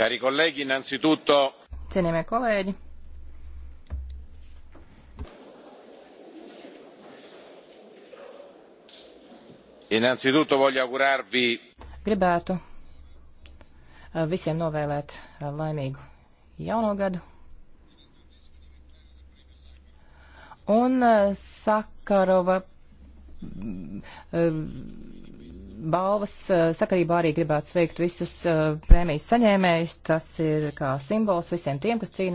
Cari colleghi, innanzitutto. Cienījamie kolēģi. Innanzitutto voglio augurarvi. Gribētu eh, visiem novēlēt eh, laimīgu jauno gadu. Un eh, Sakarova mm, balvas sakarībā arī gribētu sveikt visus prēmijas saņēmējus. Tas ir kā simbols visiem tiem, kas cīnās.